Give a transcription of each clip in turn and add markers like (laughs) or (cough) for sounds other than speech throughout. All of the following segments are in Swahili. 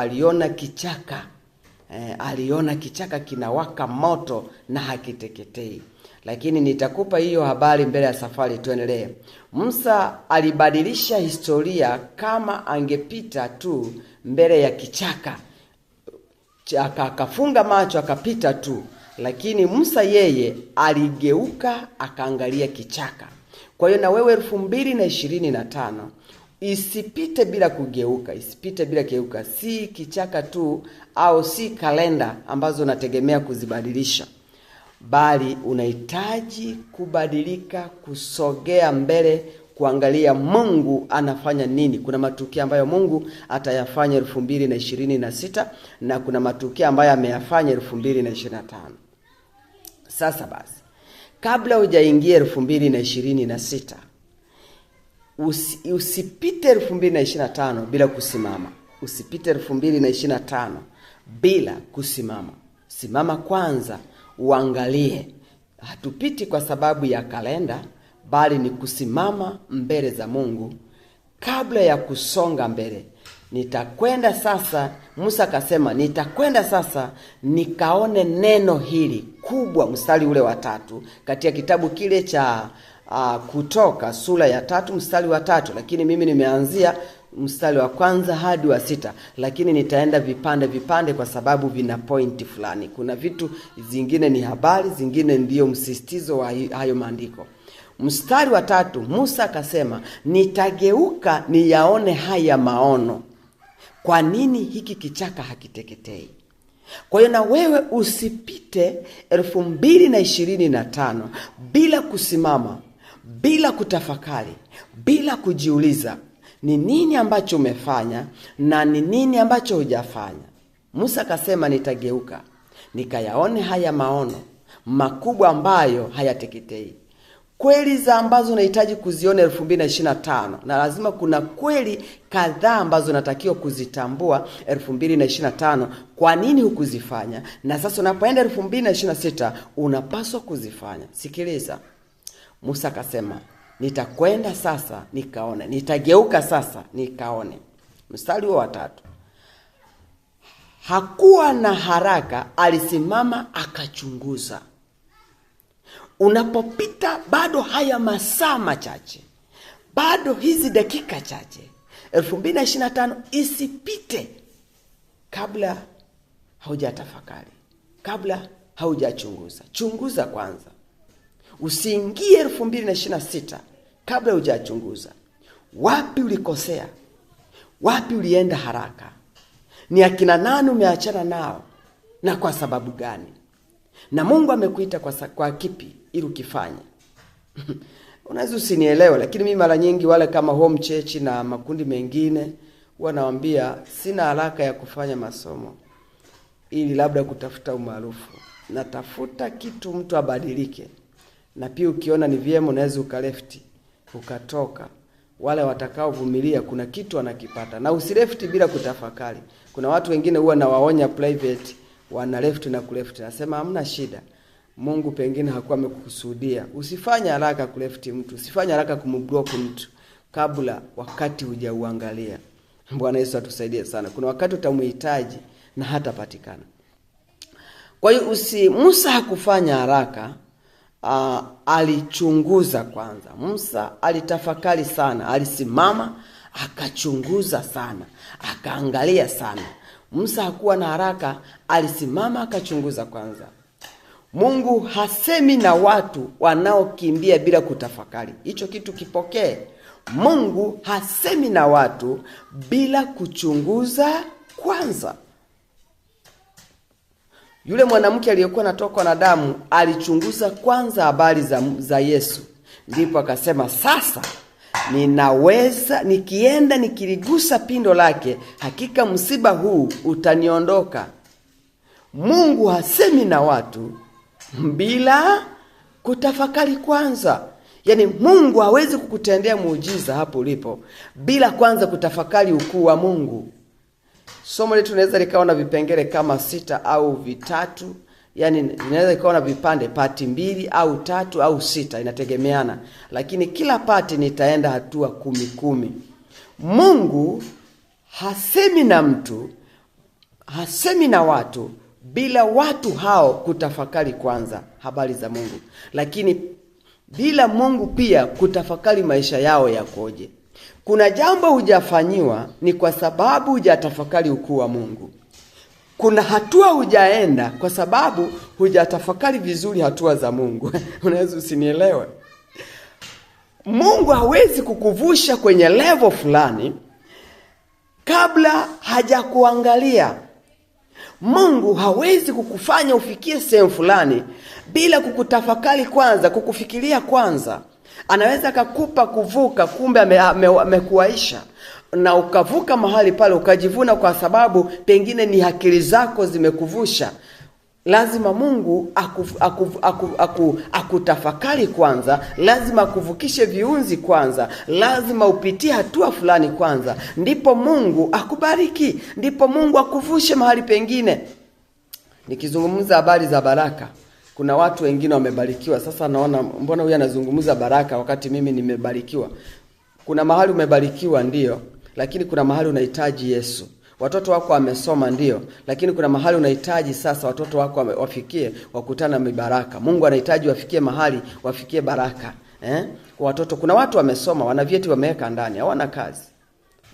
aliona kichaka eh, aliona kichaka kinawaka moto na hakiteketei lakini nitakupa hiyo habari mbele ya safari. Tuendelee. Musa alibadilisha historia kama angepita tu mbele ya kichaka, akafunga macho akapita tu, lakini Musa yeye aligeuka akaangalia kichaka. Kwa hiyo na wewe elfu mbili na ishirini na tano isipite bila kugeuka, isipite bila kugeuka. Si kichaka tu au si kalenda ambazo unategemea kuzibadilisha, bali unahitaji kubadilika, kusogea mbele, kuangalia Mungu anafanya nini. Kuna matukio ambayo Mungu atayafanya elfu mbili na ishirini na sita na kuna matukio ambayo ameyafanya elfu mbili na ishirini na tano. Sasa basi, kabla hujaingia elfu mbili na ishirini na sita usi, usipite elfu mbili na ishirini na tano bila kusimama, usipite elfu mbili na ishirini na tano bila kusimama. Simama kwanza, uangalie. Hatupiti kwa sababu ya kalenda, bali ni kusimama mbele za Mungu kabla ya kusonga mbele. Nitakwenda sasa, Musa akasema, nitakwenda sasa nikaone neno hili kubwa, mstari ule watatu katika kitabu kile cha uh, Kutoka sura ya tatu mstari wa tatu, lakini mimi nimeanzia mstari wa kwanza hadi wa sita, lakini nitaenda vipande vipande kwa sababu vina pointi fulani. Kuna vitu zingine ni habari, zingine ndiyo msistizo wa hayo maandiko. Mstari wa tatu, Musa akasema, nitageuka niyaone haya maono. Kwa nini hiki kichaka hakiteketei? Kwa hiyo na wewe usipite elfu mbili na ishirini na tano bila kusimama bila kutafakari, bila kujiuliza ni nini ambacho umefanya na ni nini ambacho hujafanya. Musa akasema, nitageuka nikayaone haya maono makubwa ambayo hayateketei. Kweli za ambazo unahitaji kuziona mbili na lazima kuna kweli kadhaa ambazo unatakiwa kuzitambua tano Kwa nini hukuzifanya? Na sasa unapoenda sita unapaswa kuzifanya. Sikiliza. Musa akasema, nitakwenda sasa nikaone, nitageuka sasa nikaone. Mstari wa watatu, hakuwa na haraka, alisimama akachunguza. Unapopita bado haya masaa machache, bado hizi dakika chache, 2025 isipite kabla haujatafakari, kabla haujachunguza. Chunguza kwanza usiingie elfu mbili na ishirini na sita kabla hujachunguza wapi ulikosea, wapi ulienda haraka, ni akina nani umeachana nao na kwa sababu gani, na Mungu amekuita kwa, kwa kipi ili ukifanye. (laughs) Unaweza usinielewa lakini mii mara nyingi wale kama home church na makundi mengine huwa nawambia sina haraka ya kufanya masomo ili labda kutafuta umaarufu, natafuta kitu mtu abadilike na pia ukiona ni vyema unaweza ukalefti ukatoka. Wale watakaovumilia kuna kitu wanakipata, na usilefti bila kutafakari. Kuna watu wengine huwa nawaonya private, wana left na kulefti, nasema hamna shida Mungu pengine hakuwa amekusudia Usifanye haraka kulefti mtu, usifanye haraka kumblock mtu kabla wakati hujauangalia. Bwana Yesu atusaidie sana. Kuna wakati utamhitaji na hatapatikana. Kwa hiyo usi Musa hakufanya haraka uh, alichunguza kwanza. Musa alitafakari sana, alisimama akachunguza sana, akaangalia sana. Musa hakuwa na haraka, alisimama akachunguza kwanza. Mungu hasemi na watu wanaokimbia bila kutafakari. Hicho kitu kipokee. Mungu hasemi na watu bila kuchunguza kwanza. Yule mwanamke aliyekuwa anatokwa na damu alichunguza kwanza habari za, za Yesu, ndipo akasema sasa ninaweza nikienda nikiligusa pindo lake, hakika msiba huu utaniondoka. Mungu hasemi na watu bila kutafakari kwanza. Yaani, Mungu hawezi kukutendea muujiza hapo ulipo bila kwanza kutafakari ukuu wa Mungu somo letu linaweza likawa na vipengele kama sita au vitatu, yani inaweza ikaona na vipande pati mbili au tatu au sita, inategemeana, lakini kila pati nitaenda hatua kumi kumi. Mungu hasemi na mtu, hasemi na watu bila watu hao kutafakari kwanza habari za Mungu, lakini bila Mungu pia kutafakari maisha yao yakoje. Kuna jambo hujafanyiwa ni kwa sababu hujatafakari ukuu wa Mungu. Kuna hatua hujaenda kwa sababu hujatafakari vizuri hatua za Mungu. (laughs) Unaweza usinielewe. Mungu hawezi kukuvusha kwenye levo fulani kabla hajakuangalia. Mungu hawezi kukufanya ufikie sehemu fulani bila kukutafakari kwanza, kukufikiria kwanza. Anaweza akakupa kuvuka, kumbe amekuaisha ame, na ukavuka mahali pale ukajivuna, kwa sababu pengine ni akili zako zimekuvusha. Lazima Mungu akutafakari kwanza, lazima akuvukishe viunzi kwanza, lazima upitie hatua fulani kwanza, ndipo Mungu akubariki, ndipo Mungu akuvushe mahali pengine. Nikizungumza habari za baraka kuna watu wengine wamebarikiwa. Sasa naona mbona huyu anazungumza baraka wakati mimi nimebarikiwa. Kuna mahali umebarikiwa ndio lakini kuna mahali unahitaji Yesu. Watoto wako wamesoma ndio lakini kuna mahali unahitaji sasa watoto wako wafikie, wakutana mibaraka. Mungu anahitaji wafikie mahali, wafikie baraka eh? Kwa watoto, kuna watu wamesoma, wana vyeti, wameweka ndani, hawana kazi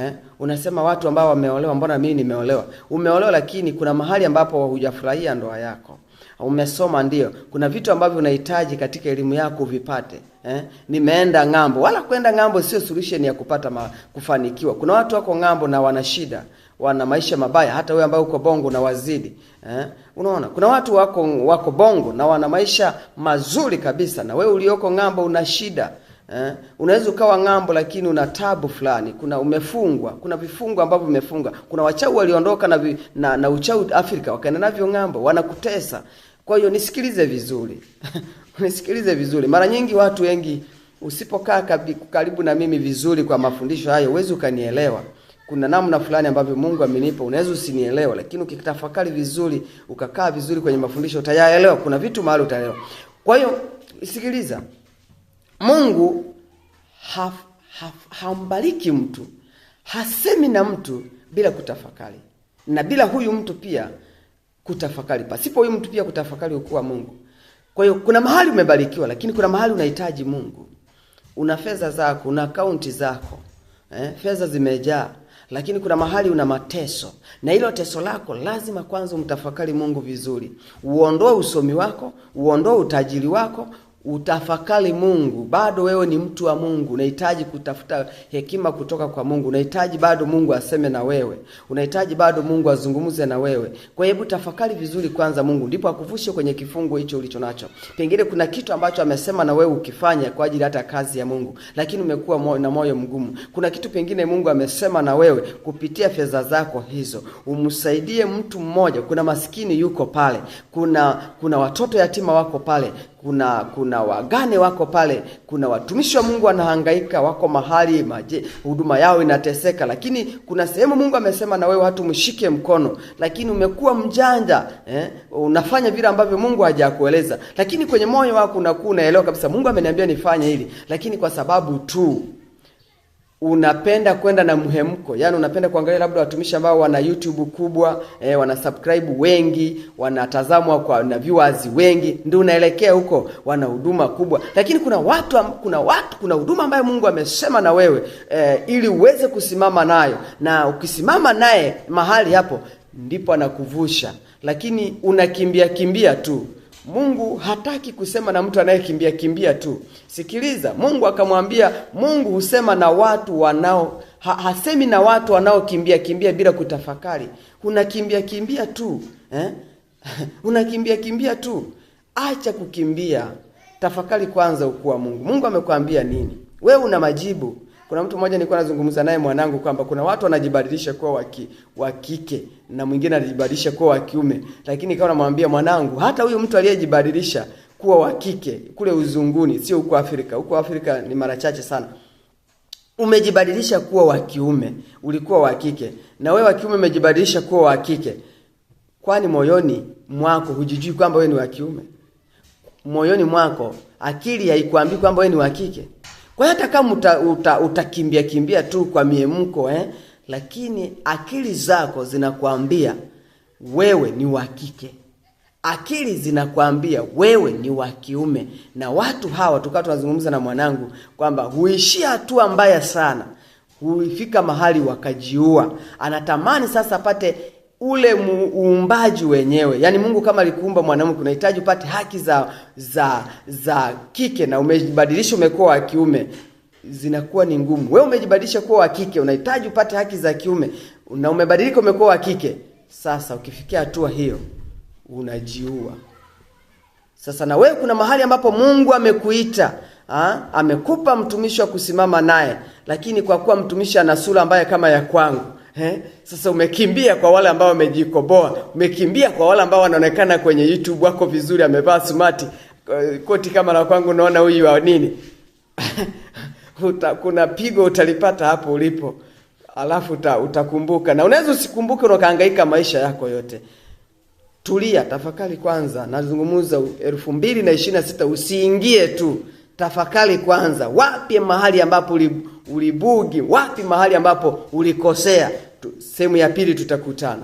Eh, unasema watu ambao wameolewa, mbona mimi nimeolewa? Umeolewa, lakini kuna mahali ambapo hujafurahia ndoa yako umesoma ndio, kuna vitu ambavyo unahitaji katika elimu yako uvipate. Eh, nimeenda ng'ambo. Wala kwenda ng'ambo sio solution ya kupata ma, kufanikiwa. Kuna watu wako ng'ambo na wana shida, wana maisha mabaya, hata wewe ambaye uko bongo na wazidi eh, unaona. Kuna watu wako wako bongo na wana maisha mazuri kabisa, na wewe ulioko ng'ambo una shida. Eh, unaweza ukawa ng'ambo lakini una tabu fulani, kuna umefungwa, kuna vifungo ambavyo vimefunga. Kuna wachau waliondoka na, na, na uchau Afrika wakaenda navyo ng'ambo, wanakutesa kwa hiyo nisikilize vizuri (laughs) nisikilize vizuri. Mara nyingi watu wengi, usipokaa karibu na mimi vizuri kwa mafundisho hayo, huwezi ukanielewa. Kuna namna fulani ambavyo Mungu amenipa, unaweza usinielewa, lakini ukitafakari vizuri, ukakaa vizuri kwenye mafundisho, utayaelewa. Kuna vitu mahali utaelewa. Kwa hiyo sikiliza, Mungu haf, haf, hambariki mtu, hasemi na mtu bila kutafakari na bila huyu mtu pia kutafakari, pasipo huyu mtu pia kutafakari ukuu wa Mungu. Kwa hiyo kuna mahali umebarikiwa, lakini kuna mahali unahitaji Mungu. Una fedha zako, una akaunti zako eh, fedha zimejaa, lakini kuna mahali una mateso, na hilo teso lako lazima kwanza umtafakari Mungu vizuri, uondoe usomi wako, uondoe utajiri wako, utafakari Mungu, bado wewe ni mtu wa Mungu, unahitaji kutafuta hekima kutoka kwa Mungu, unahitaji bado Mungu aseme na wewe, unahitaji bado Mungu azungumze na wewe. Kwa hebu tafakari vizuri kwanza Mungu, ndipo akuvushe kwenye kifungo hicho ulicho nacho. Pengine kuna kitu ambacho amesema na wewe ukifanya kwa ajili hata kazi ya Mungu, lakini umekuwa mo, na moyo mgumu. Kuna kitu pengine Mungu amesema na wewe kupitia fedha zako hizo, umsaidie mtu mmoja. Kuna maskini yuko pale, kuna kuna watoto yatima wako pale, kuna kuna wagane wako pale, kuna watumishi wa Mungu wanahangaika, wako mahali maje, huduma yao inateseka, lakini kuna sehemu Mungu amesema na wewe watu mshike mkono, lakini umekuwa mjanja eh, unafanya vile ambavyo Mungu hajakueleza, lakini kwenye moyo wako unakuwa unaelewa kabisa Mungu ameniambia nifanye hili, lakini kwa sababu tu unapenda kwenda na mhemko, yani unapenda kuangalia labda watumishi ambao wana YouTube kubwa e, wana subscribe wengi, wanatazamwa kwa na viewers wengi, ndio unaelekea huko, wana huduma kubwa. Lakini kuna watu kuna watu kuna huduma ambayo Mungu amesema na wewe e, ili uweze kusimama nayo, na ukisimama naye mahali hapo ndipo anakuvusha, lakini unakimbia kimbia tu. Mungu hataki kusema na mtu anayekimbia kimbia tu. Sikiliza, Mungu akamwambia, Mungu husema na watu wanao ha, hasemi na watu wanaokimbia kimbia bila kutafakari. Unakimbia kimbia tu eh? (laughs) unakimbia kimbia tu. Acha kukimbia, tafakari kwanza ukuwa wa Mungu. Mungu amekwambia nini? Wewe una majibu. Kuna mtu mmoja nilikuwa nazungumza naye mwanangu kwamba kuna watu wanajibadilisha kuwa waki, wa kike na mwingine anajibadilisha kuwa wa kiume, lakini kama namwambia mwanangu, hata huyo mtu aliyejibadilisha kuwa wa kike kule uzunguni, sio huko Afrika. Huko Afrika ni mara chache sana umejibadilisha kuwa wa kiume, ulikuwa wa kike, na wewe wa kiume umejibadilisha kuwa wa kike, kwani moyoni mwako hujijui kwamba wewe ni wa kiume? Moyoni mwako akili haikuambii kwamba wewe ni wa kike? Kwa hiyo hata kama utakimbia uta, uta kimbia tu kwa miemko eh, lakini akili zako zinakuambia wewe ni wa kike, akili zinakuambia wewe ni wa kiume. Na watu hawa tukawa tunazungumza na mwanangu kwamba huishia hatua mbaya sana, huifika mahali wakajiua. Anatamani sasa apate ule uumbaji wenyewe, yaani Mungu kama alikuumba mwanamke, unahitaji upate haki za za za kike, na umejibadilisha umekuwa wa kiume, zinakuwa ni ngumu. Wewe umejibadilisha kuwa wa kike, unahitaji upate haki za kiume, na umebadilika umekuwa wa kike. Sasa ukifikia hatua hiyo, unajiua. Sasa na wewe kuna mahali ambapo Mungu amekuita Ha? Ah, amekupa mtumishi wa kusimama naye, lakini kwa kuwa mtumishi ana sura ambaye kama ya kwangu Eh? Sasa umekimbia kwa wale ambao wamejikoboa, umekimbia kwa wale ambao wanaonekana kwenye YouTube wako vizuri, amevaa smart eh, koti kama la kwangu, naona huyu wa nini (laughs) Uta, kuna pigo utalipata hapo ulipo, alafu uta, utakumbuka na unaweza usikumbuke, unakaangaika maisha yako yote. Tulia, tafakari kwanza. Nazungumza elfu mbili na ishirini na sita, usiingie tu, tafakari kwanza, wapi mahali ambapo ulibugi wapi mahali ambapo ulikosea. Sehemu ya pili tutakutana.